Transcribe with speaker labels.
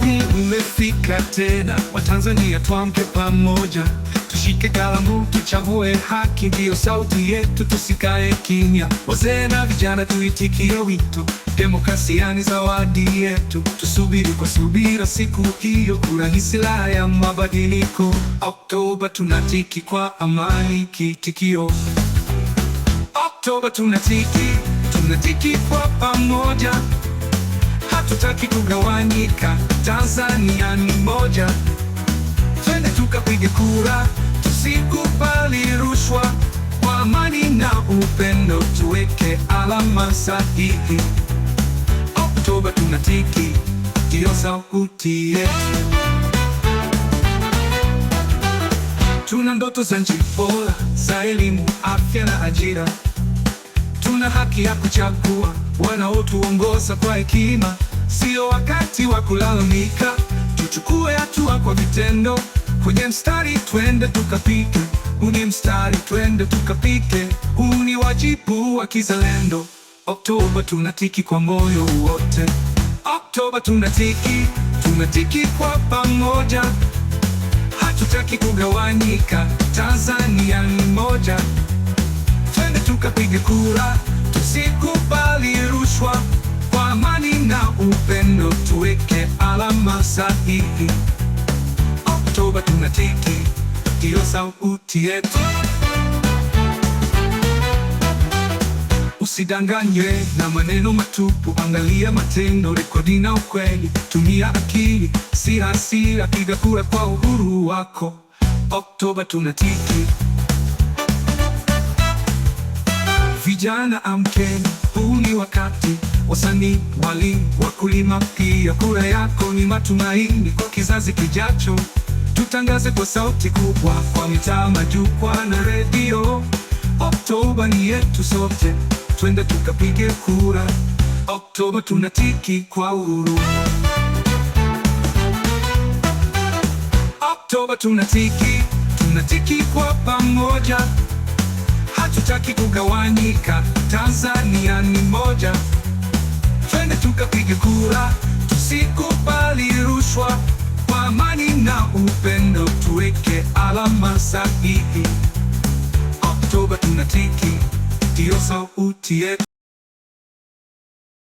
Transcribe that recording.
Speaker 1: wapi mmefika tena? Watanzania tuamke pamoja, tushike kalamu, tuchambue haki, ndiyo sauti yetu, tusikae kimya. Wazee na vijana tuitikie wito, demokrasia ni zawadi yetu, tusubiri kwa subira siku hiyo, kura ni silaha ya mabadiliko. Oktoba tunatiki kwa amani, kitikio Oktoba tunatiki, tunatiki kwa pamoja hatutaki kugawanyika, Tanzania ni moja. Twende tukapige kura, tusikubali rushwa, kwa amani na upendo tuweke alama sahihi. Oktoba tunatiki, ndiyo sauti yetu. Tuna ndoto za nchi bora, za elimu, afya na ajira. Tuna haki ya kuchagua wanaotuongoza kwa hekima. Sio wakati wa kulalamika, tuchukue hatua kwa vitendo. Kwenye mstari twende tukapike, huu ni mstari twende tukapike, huu ni wajibu wa kizalendo. Oktoba tunatiki kwa moyo wote, Oktoba tunatiki, tunatiki kwa pamoja, hatutaki kugawanyika, Tanzania ni moja. Twende tukapige kura, tusikubali rushwa. sahihi. Oktoba tunatiki, ndiyo sauti yetu. Usidanganywe na maneno matupu, angalia matendo, rekodi na ukweli. Tumia akili, si hasira. Piga kura kwa uhuru wako. Oktoba tunatiki. Vijana amkeni, huu ni wakati. Wasanii, walimu, wakulima, pia kura yako ni matumaini kwa kizazi kijacho. Tutangaze kwa sauti kubwa, kwa mitaa, majukwaa na redio. Oktoba ni yetu sote, twende tukapige kura. Oktoba tunatiki kwa uhuru. Oktoba tunatiki, tunatiki kwa pamoja hatutaki kugawanyika, Tanzania ni moja. Twende tukapige kura, tusikubali rushwa, kwa amani na upendo tuweke alama sahihi. Oktoba tunatiki, ndio sauti yetu.